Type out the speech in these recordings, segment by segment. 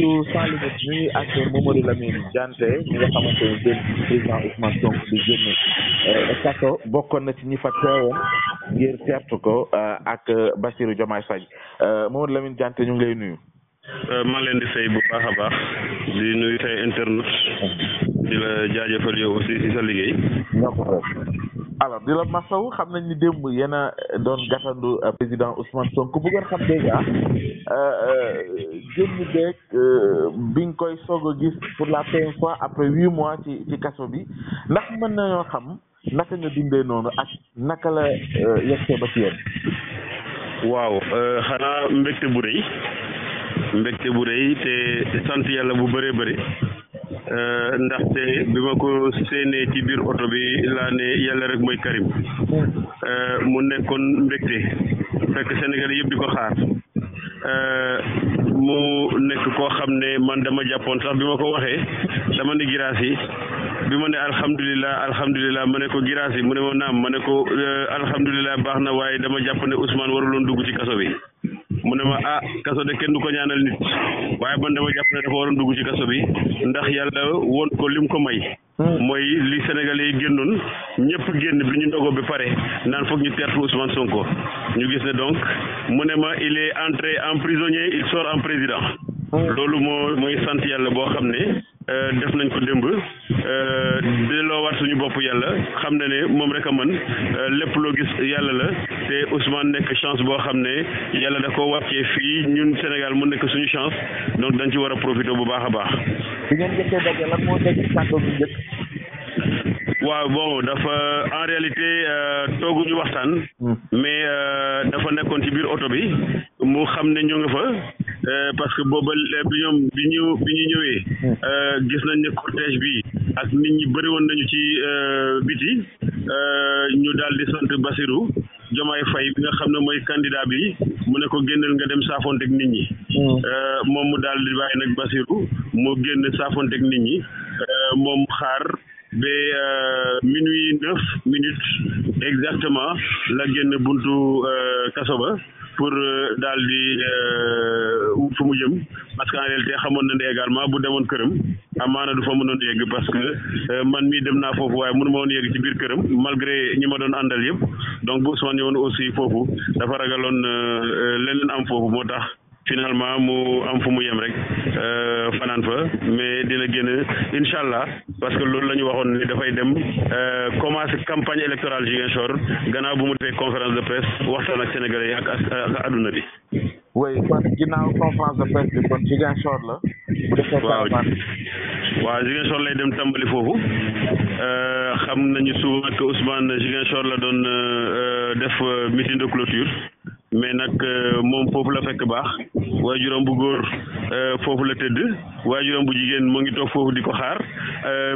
yu sans limite bi ak Mamadou Lamine Diante ñi nga xamante euh, bokkoon na ci ñi fa teewoon ngir tertu ko euh, ak Bassirou Diomaye Faye euh, Mamadou Lamine Diante ñu ngi lay nuyu. ma leen di sey bu baax a baax di nuyu say internet di la jaajëfal yow aussi ci sa liggéey. alors di la masawu xam nañ ni démb yéen a doon gàttandu euh, président Ousmane Sonko bëggoon xam dèjà ah, euh, euh, génn beeg bi nga koy soog a gis pour la première fois après huit mois ci ci kaso bi ndax mën nañoo xam naka nga dundee noonu ak naka la yegsee ba ci yéen. waaw xanaa mbégte bu rëy mbégte bu rëy te sant yàlla bu bëree bëri. Euh, ndaxte bi ma ko séenee ci biir oto bi laa ne yàlla rek mooy Karim euh, mu nekkoon mbégte fekk Sénégal yëpp di ko xaar euh, mu nekk koo xam ne man dama jàppoon sax bi ma ko waxee dama ne giraas yi bi ma ne alhamdulilah alhamdulilah ma ne ko giraas yi mu ne ma naam ma ne ko alhamdulilah baax na waaye dama jàpp ne Ousmane waruloon dugg ci kaso bi. mu ne ma ah kaso de kenn du ko ñaanal nit waaye man dama jàpp na dafa waroon dugg ci kaso bi ndax yàlla woon ko lim ko may hmm. mooy li Sénégalais yi génnoon ñëpp génn bi ñu ndogoo bi pare naan foog ñu tertu Ousmane Sonko ñu gis ne donc mu ne ma il est entré en prisonnier il sort en président hmm. loolu moo mooy sant yàlla boo xam ne euh, def nañ ko démb euh, delloowaat suñu bopp yàlla xam na ne moom rek a man euh, lépp loo gis yàlla la te Ousmane nekk chance boo xam ne yàlla da ko wàccee fii ñun Sénégal mu nekk suñu chance donc dañ ci war a profité bu baax a baax. bi waaw bon dafa en réalité euh, tooguñu waxtaan. Hmm. mais euh, dafa nekkoon ci biir oto bi mu xam ne ñu nga fa euh, parce que booba bi ñoom bi ñu bi ñu ñëwee. Hmm. gis nañ ne cortège bi ak nit ñi bëri woon nañu ci biti ñu daal di sant Basirou. Jomaay Fay bi nga xam ne mooy candidat bi mu ne ko génneel nga dem saafonteeg nit ñi. Hmm. Euh, moom mu daal di bàyyi nag Basiru mu génn saafonteeg nit ñi euh, moom xaar ba euh, minuit neuf minutes exactement la génn buntu kaso ba. pour daal di fu mu jëm parce que xamoon na ne également bu demoon këram amaana du fa mënoon yegg parce que euh, man mii dem naa foofu waaye mënu ma woon yegg ci biir këram malgré ñi ma doon àndal yëpp donc bu Ousmane ñëwoon aussi foofu dafa ragaloon euh, leneen am foofu moo tax finalement mu am fu mu yem rek euh, fanaan fa mais dina génn incha allah parce que loolu la ñu waxoon ne dafay dem commencé campagne électorale Ziguinchor gannaaw bu mu defee conférence de presse waxtaan ak sénégalais yi ak ak àdduna bi. oui kon ginnaaw conférence de presse bi kon Ziguinchor la. waaw waaw Ziguinchor lay dem tàmbali foofu euh, xam nañu souvent que Ousmane Ziguinchor la doon euh, def euh, meeting de clôture mais nag moom foofu la fekk baax waajuram bu góor foofu la tëdd waajuram bu jigéen moo ngi toog foofu di ko xaar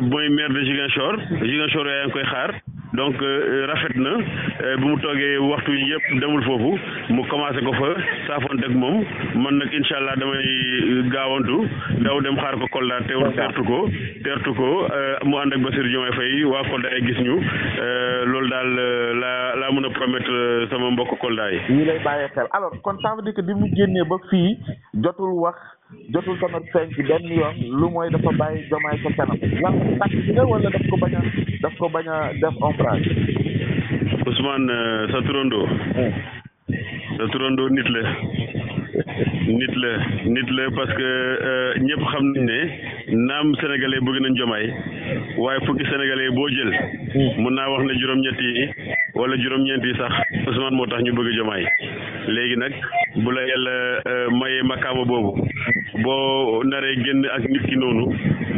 mooy maire de Ziguinchor Ziguinchor yaa ngi koy xaar. donc euh, rafet na euh, bi mu toogee waxtu yëpp demul foofu mu commencé ko fa saafoon moom man nag incha allah damay euh, gaawantu daw dem xaar ko Kolda teew teertu ko teertu ko mu ànd ak Bassirou Diomaye Faye waa Kolda ay gis ñu loolu daal laa laa mën a promettre sama mbokk Kolda yi. ñu lay bàyyi xel alors kon ça veut bi mu génnee ba fii jotul wax. jotul tamit feeñ ci yoon lu mooy dafa bàyyi jomaay sa kanam lan tàkk nga wala daf ko bañ daf ko bañ a def ombrage Ousmane euh, sa turandoo sa turandoo nit la nit la nit la parce que euh, ñëpp xam nañ ne naam sénégalais bëgg nañ jomaay waaye fukki sénégalais boo jël mun naa wax ne juróom-ñett yi wala juróom-ñeent sax Ousmane moo tax ñu bëgg jomaay léegi nag bu la yàlla euh, mayee makaama boobu boo naree génn ak nit ki noonu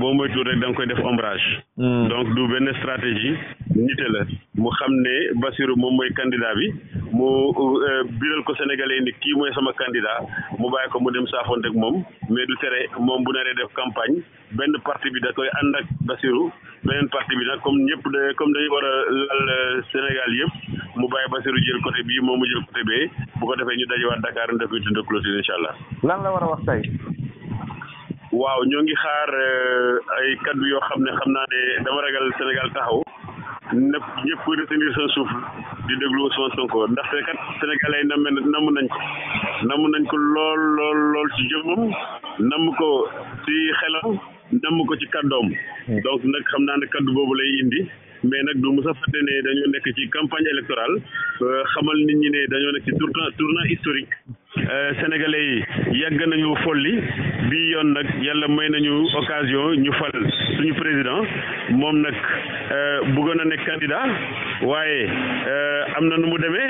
boo mooy moytuwul rek da nga koy def ombrage. Hmm. donc du benn stratégie nite la mu xam ne Bassirou moom mooy candidat bi mu euh, biral ko sénégalais ni kii mooy sama candidat mu bàyyi ko mu dem saafoon rek moom mais du tere moom bu naree def campagne benn parti bi da koy ànd ak Bassirou beneen parti bi nag comme ñëpp da comme dañu war a lal euh, Sénégal yëpp mu bàyyi Bassirou jël côté bii moom mu jël côté bee bu ko defee ñu dajewaat Dakar ñu def meeting de allah. lan la war a wax tey. waaw ñoo ngi xaar euh, ay kaddu yoo xam ne xam naa ne dama ragal Sénégal taxaw ñëpp ñëpp retenir seen suuf di déglu Ousmane Sonko ndaxte kat sénégalais yi namme namm nañ ko namm nañ ko lool lool lool ci jëmmam namm ko ci xelam namm ko ci kaddoom hmm. donc nag xam naa ne kaddu boobu lay indi mais nag du mos a fàtte ne dañoo nekk ci campagne électorale euh, xamal nit ñi ne dañoo nekk ci tournant tournant historique Euh, sénégalais yi yàgg nañu folli bi yoon nag yàlla may nañu occasion ñu fal suñu président moom nag euh, bëggoon a nekk candidat waaye euh, am na nu mu demee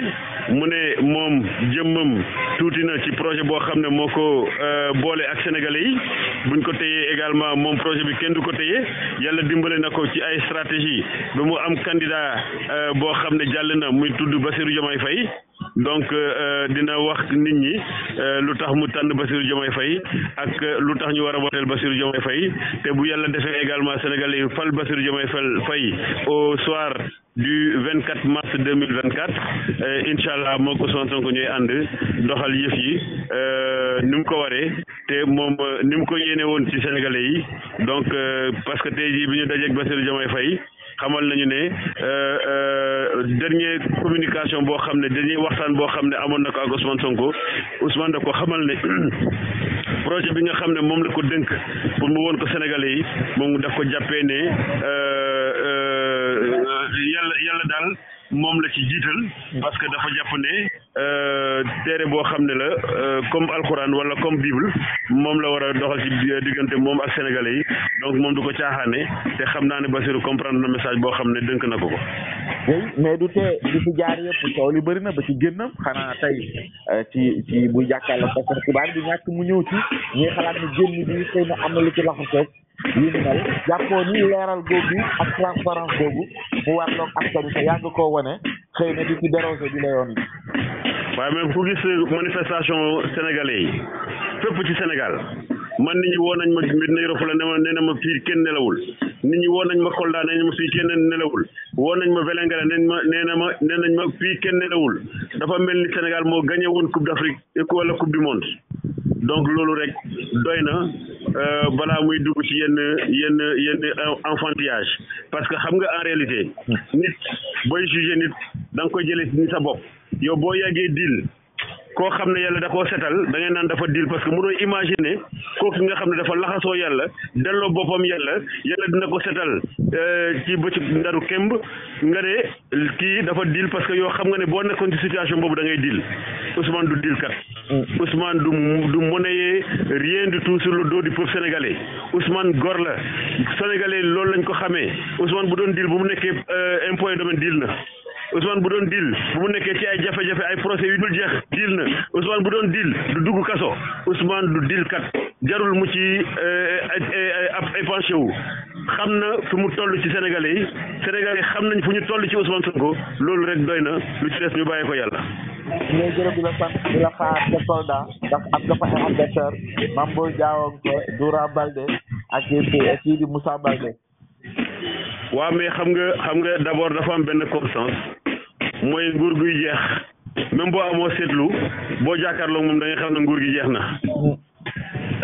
mu ne moom jëmmam tuuti na ci projet boo xam ne moo ko boole ak sénégalais yi buñ ko teyee également moom projet bi kenn du ko téye yàlla dimbale na ko ci ay stratégie ba mu am candidat boo xam ne jàll na muy tudd Bassirou Diomaye fay donc euh, euh, dina wax nit ñi euh, lu tax mu tànn Bassirou Diomaye fay ak lu tax ñu war a woteel Bassirou Diomaye Faye te bu yàlla defee également sénégalais yi fal Bassirou Diomaye fay au soir du 24 mars 2024 incha allah moo ko Ousmane Sonko ñooy ànd doxal yëf yi ni mu ko waree te moom ni mu ko yéene woon ci sénégalais yi donc parce que tey jii bi ñu dajeeg Bassirou Diomaye Faye xamal nañu ne euh, euh, dernier communication boo xam ne dernier waxtaan boo xam ne amoon na ko ak Sonko Ousmane da ko xamal ne projet bi nga xam ne moom la ko dënk pour mu woon ko Sénégalais yi moom daf ko jàppee ne euh, yàlla yàlla daal moom la ci jiital parce que dafa jàpp ne téere boo xam ne la euh, comme alxuraan wala comme bible moom la war a doxal ci diggante moom ak sénégalais yi donc moom du ko caaxaane te xam naa ne Bassirou comprendre na message boo xam ne dënk na ko ko. mais du tee di fi jaar yëpp coow li bëri na ba ci génnam xanaa tey euh, ci ci bu jàkkaarloo parce que xibaar bi ñàkk mu ñëw ci ñuy xalaat ne génn bi xëy na am na lu ci laxasoo yu ni mel jàppoo ni leeral googu ak transparence googu mu warloog askan wi te yàgg koo wane xëy na waaye même ku gis manifestation sénégalais yi fépp ci Sénégal man nit ñi woo nañ ma Médina Yoro Foulah ne ma nee na ma fii kenn nelawul nit ñi woo nañ ma Kolda nee na ma fii nelawul woo nañ ma Vélingara nee ma nee na ma nee nañ ma fii kenn nelawul dafa mel ni Sénégal moo gagné woon coupe d'Afrique wala coupe du monde donc loolu rek doy na euh, balaa muy dugg ci yenn yenn yenn enfantillage parce que xam nga en réalité nit booy jugé nit da koy jëlee ni sa bopp yow boo yàggee diil koo xam ne yàlla da koo setal da ngay naan dafa diil parce que mënoo imaginer kooku nga xam ne dafa laxasoo yàlla delloo boppam yàlla yàlla dina ko setal euh, ci bëccëg ndaru kemb nga ne kii dafa diil parce que yow xam nga ne boo nekkoon ci situation boobu dangay ngay dil Ousmane du dil kat mm. Ousmane du du monnaie rien di tout sur doo di pour peuple sénégalais Ousmane gor la sénégalais loolu lañ ko xamee Ousmane bu doon dil bu mu nekkee euh, impôt domaine dil na Ousmane bu doon dil bu mu nekkee ci ay jafe-jafe ay procès yu dul jeex diil na Ousmane bu doon diil du dugg kaso Ousmane du dil kat jarul mu ci euh, ab épanché wu xam na fu mu toll ci Sénégalais yi xam nañ fu ñu toll ci Ousmane Sonko loolu rek doy na lu ci ñu bàyyi ko yàlla. ñu ngi gërëm di la sant di la xaar ak kii di Moussa Balde. waaw mais xam nga xam nga d'abord dafa am benn constance. mooy nguur guy jeex même boo amoo seetlu boo jàkkaarloo moom da xam ne nguur gi jeex na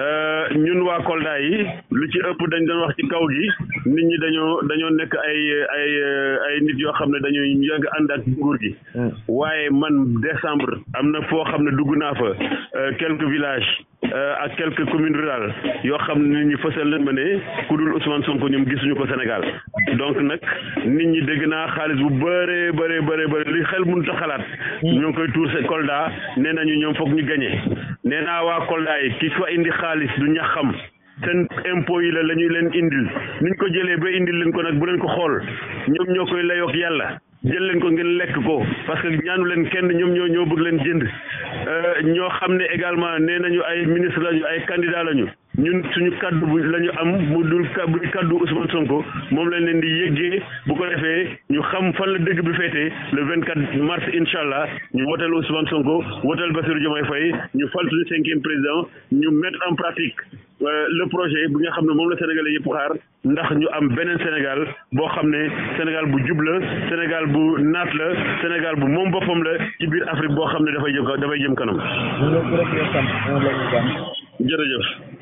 euh, ñun waa Kolda yi lu ci ëpp dañ doon wax ci kaw gi nit ñi dañoo dañoo nekk ay ay euh, ay nit yoo xam ne dañuy yëngu ànd ak nguur gi. Hmm. waaye man décembre am na foo xam ne dugg naa fa euh, quelques villages. Euh, ak quelques commune rural yoo xam ne ñu fësal leen ma ne ku dul Ousmane Sonko ñoom gisuñu ko senegal donc nag nit ñi dégg naa xaalis bu bëree bëree bëree bëri li xel mënut a xalaat ñoo ngi koy tuur seen Kolda nee nañu ñoom foog ñu gañee nee naa waa Kolda yi ki fa indi xaalis du ñaxam seen impôt yi la la ñuy leen indil niñ ko jëlee ba indil leen ko nag bu leen ko xool ñoom ñoo koy layook yàlla jël leen ko ngeen lekk ko parce que ñaanu leen kenn ñoom ñoo ñoo bëgg leen jënd euh, ñoo xam ne également nee nañu ay ministre lañu ay candidat lañu ñun suñu kàddu bu la ñu am bu dul buy kaddu Ousmane Sonko moom lañ leen di yëggee bu ko defee ñu xam fan la dëgg bi féetee le 24 mars incha allah ñu wotal Ousmane Sonko wotal Bassirou Diomaye Faye ñu fal suñu cinquième président ñu mettre en pratique euh, le projet bi nga xam ne moom la sénégalais yëpp xaar ndax ñu am beneen Sénégal boo xam ne Sénégal bu jub la Sénégal bu naat la Sénégal bu moom boppam la ci biir Afrique boo xam ne dafay jëm dafay jëm kanam. jërëjëf.